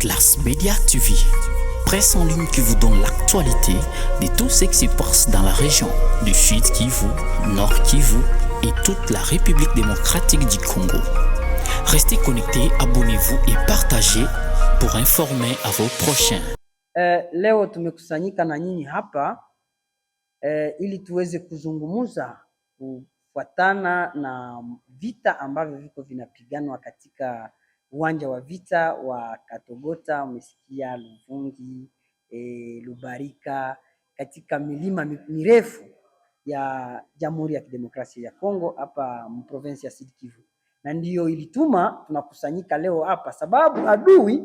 Classe Media TV, presse en ligne qui vous donne l'actualité de tout ce qui se passe dans la région du Sud Kivu, Nord Kivu et toute la République démocratique du Congo. Restez connectés, abonnez-vous et partagez pour informer à vos prochains. Euh, leo tumekusanyika na nyinyi hapa euh, ili tuweze kuzungumza kufuatana na vita ambavyo viko katika uwanja wa vita wa Katogota, umesikia Luvungi, e, Lubarika, katika milima mirefu ya Jamhuri ya Kidemokrasia ya Kongo hapa mprovensi ya Sud Kivu, na ndiyo ilituma tunakusanyika leo hapa, sababu adui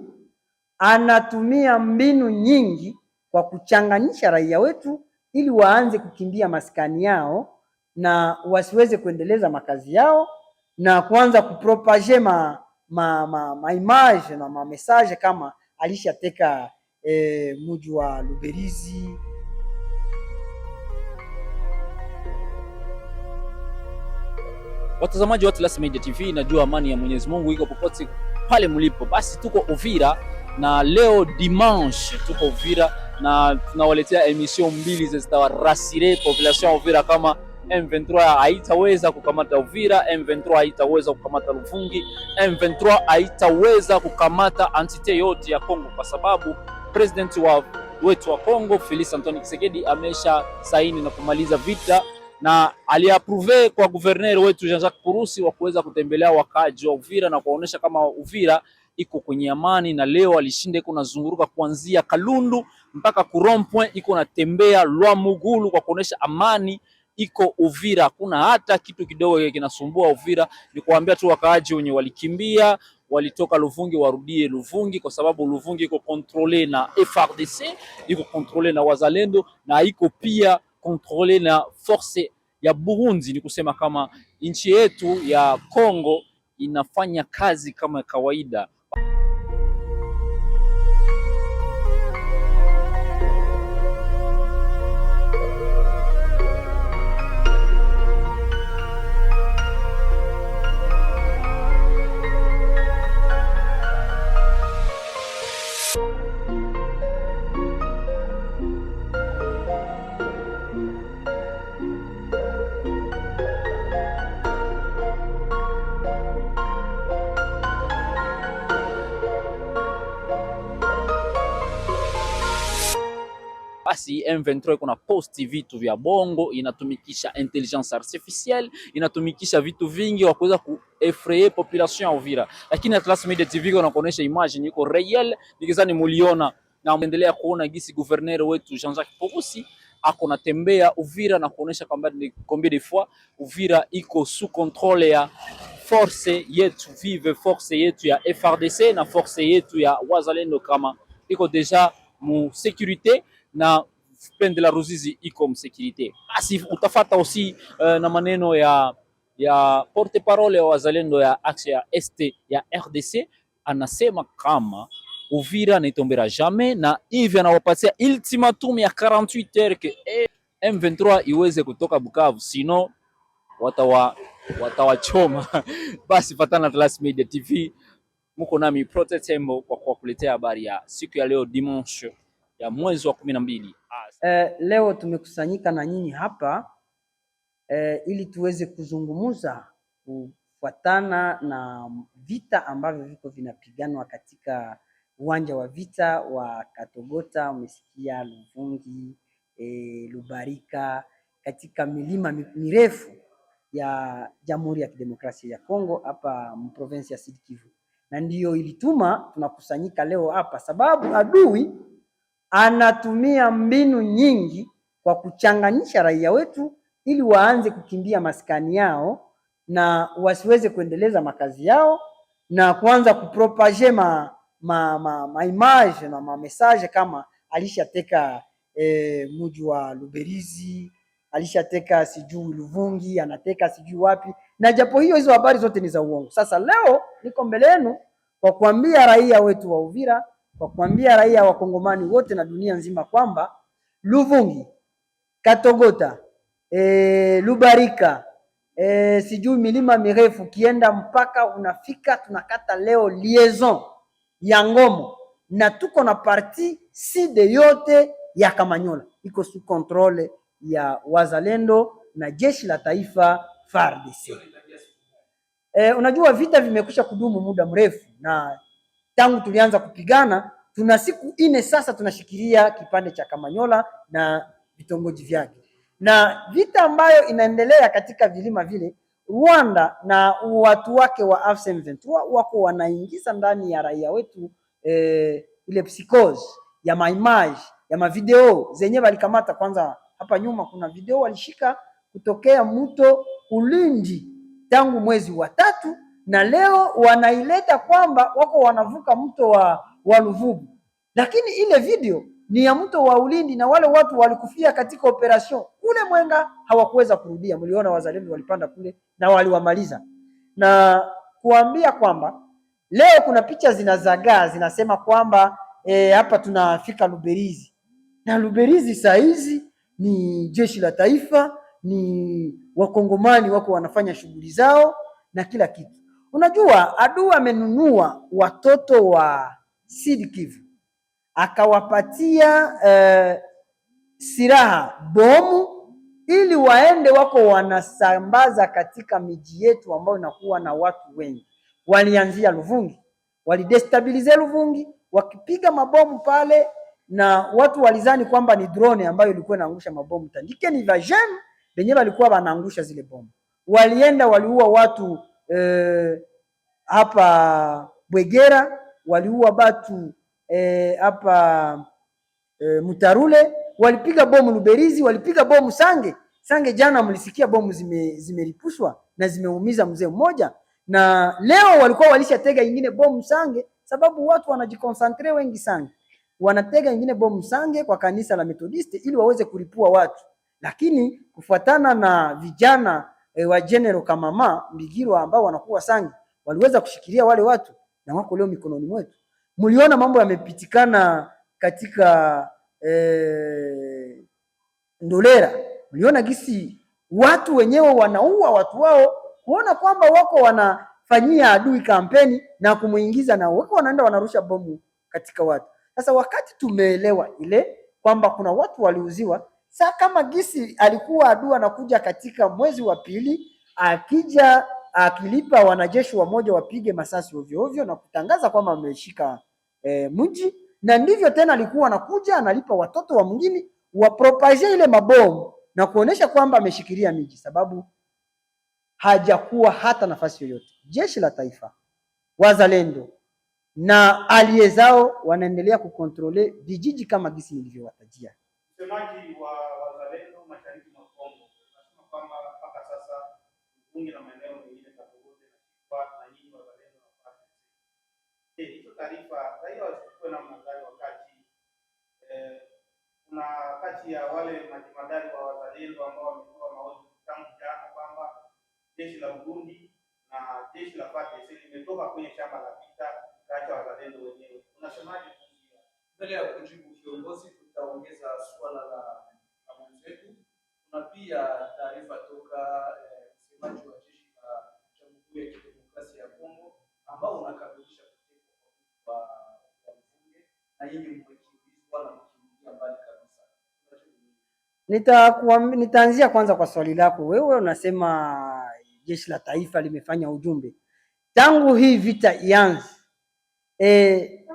anatumia mbinu nyingi kwa kuchanganyisha raia wetu ili waanze kukimbia maskani yao na wasiweze kuendeleza makazi yao na kuanza kupropage ma ma, ma, ma image na ma message kama alishateka eh, muji wa Luberizi. Watazamaji wa Atlas Media TV, najua amani ya Mwenyezi Mungu iko popote pale mlipo. Basi tuko Uvira na leo dimanche tuko Uvira na tunawaletea emission mbili zitawarasire population Uvira kama M23 haitaweza kukamata Uvira, M23 haitaweza kukamata Luvungi, M23 haitaweza kukamata antite yote ya Kongo kwa sababu president wa wetu wa Kongo Felix Antoine Tshisekedi amesha saini na kumaliza vita na aliapruve kwa guverner wetu Jean-Jacques Purusi wa kuweza kutembelea wakaji wa Uvira na kuwaonyesha kama Uvira iko kwenye amani, na leo alishinda iko nazunguruka kuanzia Kalundu mpaka Kurompwe, iko natembea Lwamugulu kwa kuonesha amani iko Uvira, hakuna hata kitu kidogo kinasumbua Uvira. Ni kuambia tu wakaaji wenye walikimbia walitoka Luvungi warudie Luvungi kwa sababu Luvungi iko kontrole na frdc iko kontrole na wazalendo na iko pia kontrole na force ya Burundi. Ni kusema kama nchi yetu ya Kongo inafanya kazi kama kawaida. basi M23 iko na posti vitu vya bongo, inatumikisha intelligence artificielle, inatumikisha vitu vingi wa kuweza kuefrayer population ya Uvira, lakini Atlas Media TV inakuonesha image iko real, nikizani muliona na mwendelea kuona gisi gouverneur wetu Jean-Jacques Purusi ako natembea Uvira na kuonesha kwamba ni combien de fois Uvira iko sous contrôle ya force yetu vive force yetu ya FRDC na force yetu ya wazalendo kama iko deja mu sécurité na Plaine de la Ruzizi iko msekirite, basi utafata aussi uh, na maneno ya ya porte parole ya wazalendo ya axe ya est ya RDC anasema kama Uvira naitombera jamais, na hivi anawapatia ultimatum ya 48 heures ke eh, M23 iweze kutoka Bukavu, sino watawa watawachoma. Basi patana Atlas Media TV, muko nami Protetembo kwa kuwakuletea habari ya siku ya leo dimanche ya mwezi wa kumi na mbili. Eh, leo tumekusanyika na nyinyi hapa eh, ili tuweze kuzungumza kufuatana na vita ambavyo viko vinapiganwa katika uwanja wa vita wa Katogota, umesikia Luvungi, eh, Lubarika, katika milima mirefu ya Jamhuri ya Kidemokrasia ya Kongo hapa mprovensi ya Sud Kivu, na ndiyo ilituma tunakusanyika leo hapa, sababu adui anatumia mbinu nyingi kwa kuchanganyisha raia wetu ili waanze kukimbia maskani yao na wasiweze kuendeleza makazi yao na kuanza kupropage ma, ma, ma, ma image na ma message kama alishateka e, mji wa Luberizi alishateka sijui Luvungi, anateka sijui wapi, na japo hiyo hizo habari zote ni za uongo. Sasa leo niko mbele yenu kwa kuambia raia wetu wa Uvira kwa kumwambia raia wa Kongomani wote na dunia nzima kwamba Luvungi, Katogota, e, Lubarika, e, sijui milima mirefu ukienda mpaka unafika tunakata leo liaison ya Ngomo na tuko na parti side yote ya Kamanyola iko sous controle ya wazalendo na jeshi la taifa FARDC. E, eh, unajua vita vimekwisha kudumu muda mrefu na tangu tulianza kupigana, tuna siku nne sasa tunashikilia kipande cha Kamanyola na vitongoji vyake, na vita ambayo inaendelea katika vilima vile Rwanda na watu wake wa AFC/M23 wako wanaingiza ndani ya raia wetu eh, ile psikozi ya maimaji ya mavideo zenye walikamata kwanza. Hapa nyuma kuna video walishika kutokea mto Ulindi tangu mwezi wa tatu na leo wanaileta kwamba wako wanavuka mto wa, wa lakini ile video ni ya mto wa Ulindi na wale watu walikufia katika operation kule Mwenga, hawakuweza kurudia. Mliona wazalendo walipanda kule na waliwamaliza, na kuambia kwamba leo kuna picha zinazagaa zinasema kwamba e, hapa tunafika Luberizi na Luberizi saa hizi ni jeshi la taifa, ni wakongomani wako wanafanya shughuli zao na kila kitu. Unajua, adui amenunua watoto wa Sud Kivu akawapatia eh, silaha bomu, ili waende wako wanasambaza katika miji yetu ambayo inakuwa na watu wengi. Walianzia Luvungi, walidestabilize Luvungi wakipiga mabomu pale, na watu walizani kwamba ni drone ambayo ilikuwa inaangusha mabomu tandike, ni vajem benye walikuwa wanaangusha zile bomu. Walienda waliua watu eh, hapa Bwegera waliua batu e, hapa eh, Mutarule walipiga bomu Luberizi, walipiga bomu Sange. Sange jana mlisikia bomu zime, zimelipushwa na zimeumiza mzee mmoja, na leo walikuwa tega ingine bomu Sange sababu watu wanajikonsantre wengi Sange, wanatega ingine bomu Sange kwa kanisa la Methodist ili waweze kulipua watu, lakini kufuatana na vijana e, wa general Kamama Mbigiro ambao wanakuwa Sangi waliweza kushikilia wale watu na wako leo mikononi mwetu. Mliona mambo yamepitikana katika e, Ndolera, mliona gisi watu wenyewe wanaua watu wao, kuona kwamba wako wanafanyia adui kampeni na kumuingiza, na wako wanaenda wanarusha bomu katika watu. Sasa wakati tumeelewa ile kwamba kuna watu waliuziwa Sa kama gisi alikuwa adui anakuja katika mwezi wa pili, akija akilipa wanajeshi wamoja wapige masasi ovyo ovyo na kutangaza kwamba ameshika e, mji, na ndivyo tena alikuwa anakuja analipa watoto wa mwingine wapropaje ile mabomu na kuonesha kwamba ameshikilia miji, sababu hajakuwa hata nafasi yoyote. Jeshi la taifa wazalendo na aliezao wanaendelea kukontrole vijiji kama gisi nilivyowatajia. Msemaji wa wazalendo mashariki mwa Kongo anasema kwamba mpaka sasa Ubunge na maeneo mengine Kabogoza na nyinyi wazalendo nafasi. Je, hizo taarifa raia wasichukue namna gani? Wakati eh, kuna kati ya wale majimadari wa wazalendo ambao wametoa maoni tangu jana kwamba jeshi la Burundi na jeshi la FARDC limetoka kwenye shamba la vita, ya wazalendo wenyewe. Unasemaje mbele ya kujibu kiongozi? itaongeza suala la mwenzetu. Kuna pia taarifa toka eh, msemaji eh, wa jeshi la Jamhuri ya Kidemokrasia ya Kongo ambao unakamilisha kutekwa kwa mfunge na yeye mwekimbizwa na mkimbilia mbali kabisa. Nitakuambia, nitaanzia kwanza kwa swali lako wewe, unasema jeshi la taifa limefanya ujumbe tangu hii vita ianze. E,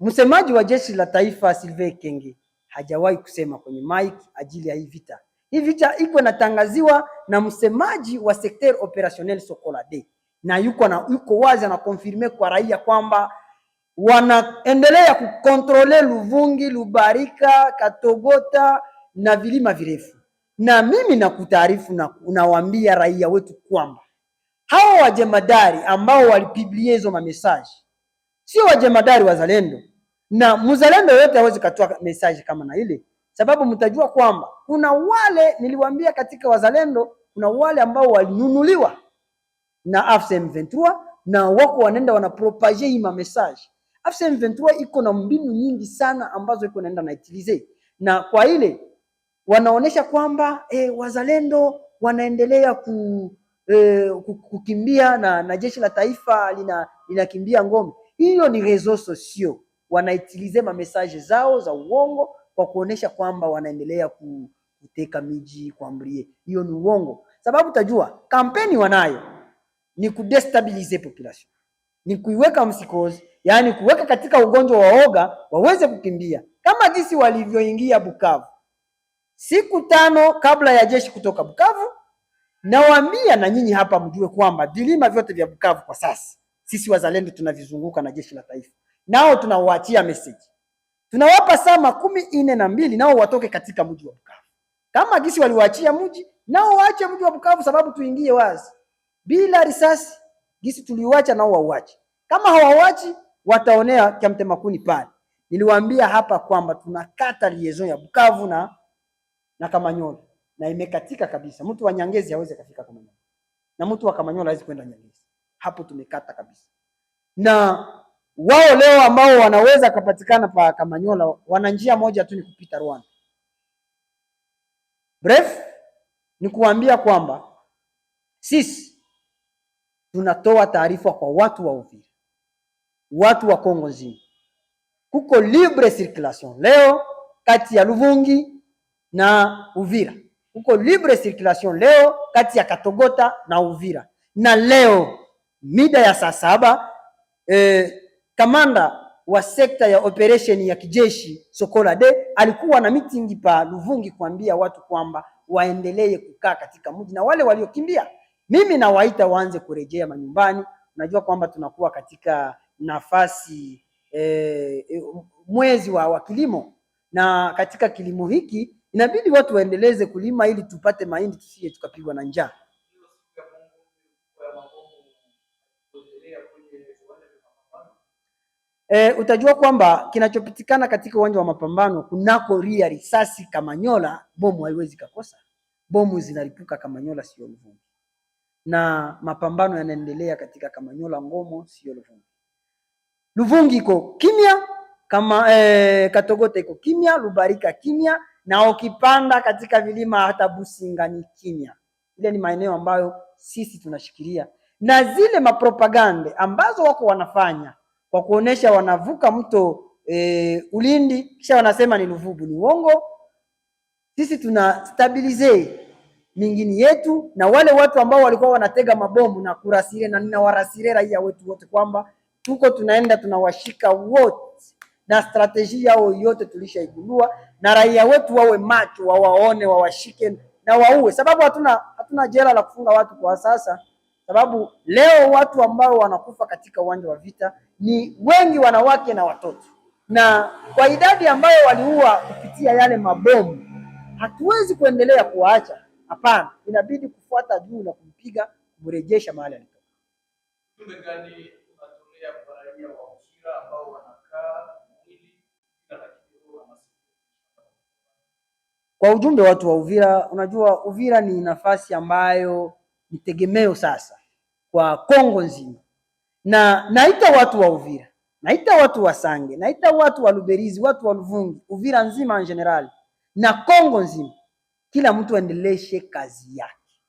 msemaji wa jeshi la taifa Sylvain Kenge hajawahi kusema kwenye mic ajili ya hii vita. Hii vita iko inatangaziwa na msemaji wa secteur operationnel Sokolade na yuko na yuko wazi anakonfirme kwa raia kwamba wanaendelea kukontrole Luvungi, Lubarika, Katogota na vilima virefu. Na mimi nakutaarifu na unawaambia raia wetu kwamba hao wajemadari ambao walipiblia hizo mamesaji sio wajemadari wazalendo na mzalendo yote hawezi katoa message kama na ile, sababu mtajua kwamba kuna wale niliwaambia katika wazalendo, kuna wale ambao walinunuliwa na AFC M23 na wako wanaenda wanapropage hii message. AFC M23 iko na mbinu nyingi sana ambazo iko naenda na itilize, na kwa ile wanaonesha kwamba e, wazalendo wanaendelea ku, e, kukimbia na, na jeshi la taifa linakimbia lina ngome. Hiyo ni reseaux sociaux wanaitilize mamesaje zao za uongo kwa kuonesha kwamba wanaendelea kuteka miji kuamrie. Hiyo ni uongo, sababu tajua kampeni wanayo ni kudestabilize population, ni kuiweka msikozi, yani kuweka katika ugonjwa wa oga waweze kukimbia, kama jinsi walivyoingia Bukavu siku tano kabla ya jeshi kutoka Bukavu. Nawaambia na nyinyi hapa mjue kwamba vilima vyote vya Bukavu kwa sasa sisi wazalendo tunavizunguka na jeshi la taifa nao tunawachia message, tunawapa saa makumi nne na mbili nao watoke katika mji wa Bukavu kama gisi waliwaachia mji, nao waache mji wa Bukavu, sababu tuingie wazi bila risasi gisi tuliwacha nao wauache. Kama hawawachi wataonea kiamte makuni pale. Niliwaambia hapa kwamba tunakata liaison ya Bukavu na na Kamanyola na imekatika kabisa. Mtu wa Nyangezi hawezi kafika Kamanyola na mtu wa Kamanyola hawezi kwenda Nyangezi, hapo tumekata kabisa na wao leo ambao wanaweza kupatikana pa Kamanyola wana njia moja tu, ni kupita Rwanda. Bref, ni kuambia kwamba sisi tunatoa taarifa kwa watu wa Uvira, watu wa Kongo nzima, kuko libre circulation leo kati ya Luvungi na Uvira, kuko libre circulation leo kati ya Katogota na Uvira, na leo mida ya saa saba eh, Kamanda wa sekta ya operation ya kijeshi Sokola de alikuwa na mitingi pa Luvungi kuambia watu kwamba waendelee kukaa katika mji na wale waliokimbia, mimi nawaita waanze kurejea manyumbani. Najua kwamba tunakuwa katika nafasi e, mwezi wa, wa kilimo na katika kilimo hiki inabidi watu waendeleze kulima ili tupate mahindi, tusije tukapigwa na njaa. e, utajua kwamba kinachopitikana katika uwanja wa mapambano kunako ria risasi Kamanyola, bomu haiwezi kakosa. Bomu zinalipuka Kamanyola, sio Luvungi, na mapambano yanaendelea katika Kamanyola Ngomo, sio Luvungi. Luvungi iko kimya kama e, Katogota iko kimya, Lubarika kimya, na ukipanda katika vilima hata Businga ni kimya. Ile ni maeneo ambayo sisi tunashikilia na zile mapropagande ambazo wako wanafanya kwa kuonesha wanavuka mto e, Ulindi kisha wanasema ni Luvubu. Ni uongo. Sisi tuna stabilize mingini yetu na wale watu ambao walikuwa wanatega mabomu na kurasire, na ninawarasire raia wetu wote kwamba tuko tunaenda tunawashika wote, na strategia yao yote tulishaigundua, na raia wetu wawe macho, wawaone, wawashike na wauwe, sababu hatuna hatuna jela la kufunga watu kwa sasa sababu leo watu ambao wanakufa katika uwanja wa vita ni wengi wanawake na watoto, na kwa idadi ambayo waliua kupitia yale mabomu, hatuwezi kuendelea kuwaacha. Hapana, inabidi kufuata juu na kumpiga, kumrejesha mahali alipo. Kwa ujumbe, watu wa Uvira, unajua Uvira ni nafasi ambayo ni tegemeo sasa kwa Kongo nzima, na naita watu wa Uvira, naita watu wa Sange, naita watu wa Luberizi, watu wa Luvungi, Uvira nzima en general na Kongo nzima, kila mtu aendeleshe kazi yake,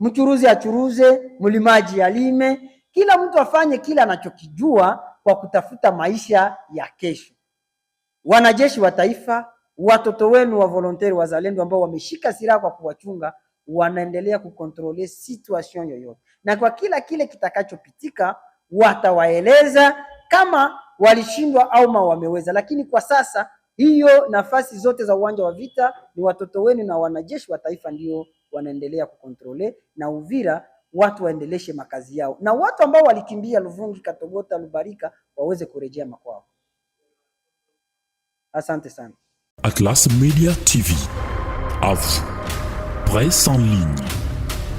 mchuruzi achuruze, mlimaji alime, kila mtu afanye kila anachokijua kwa kutafuta maisha ya kesho. Wanajeshi wa taifa, watoto wenu wa volonteri wazalendo ambao wameshika silaha kwa kuwachunga wanaendelea kukontrole situation yoyote, na kwa kila kile kitakachopitika watawaeleza kama walishindwa au wameweza. Lakini kwa sasa hiyo nafasi zote za uwanja wa vita ni watoto wenu na wanajeshi wa taifa ndio wanaendelea kukontrole, na Uvira watu waendeleshe makazi yao, na watu ambao walikimbia Luvungi, Katogota, Lubarika waweze kurejea makwao. Asante sana. Atlas Media TV. Afu. Presse en ligne.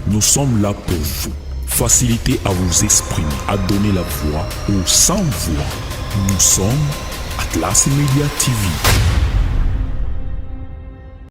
Nous sommes là pour vous. Faciliter à vous exprimer, à donner la voix aux sans-voix. Nous sommes Atlas Media TV.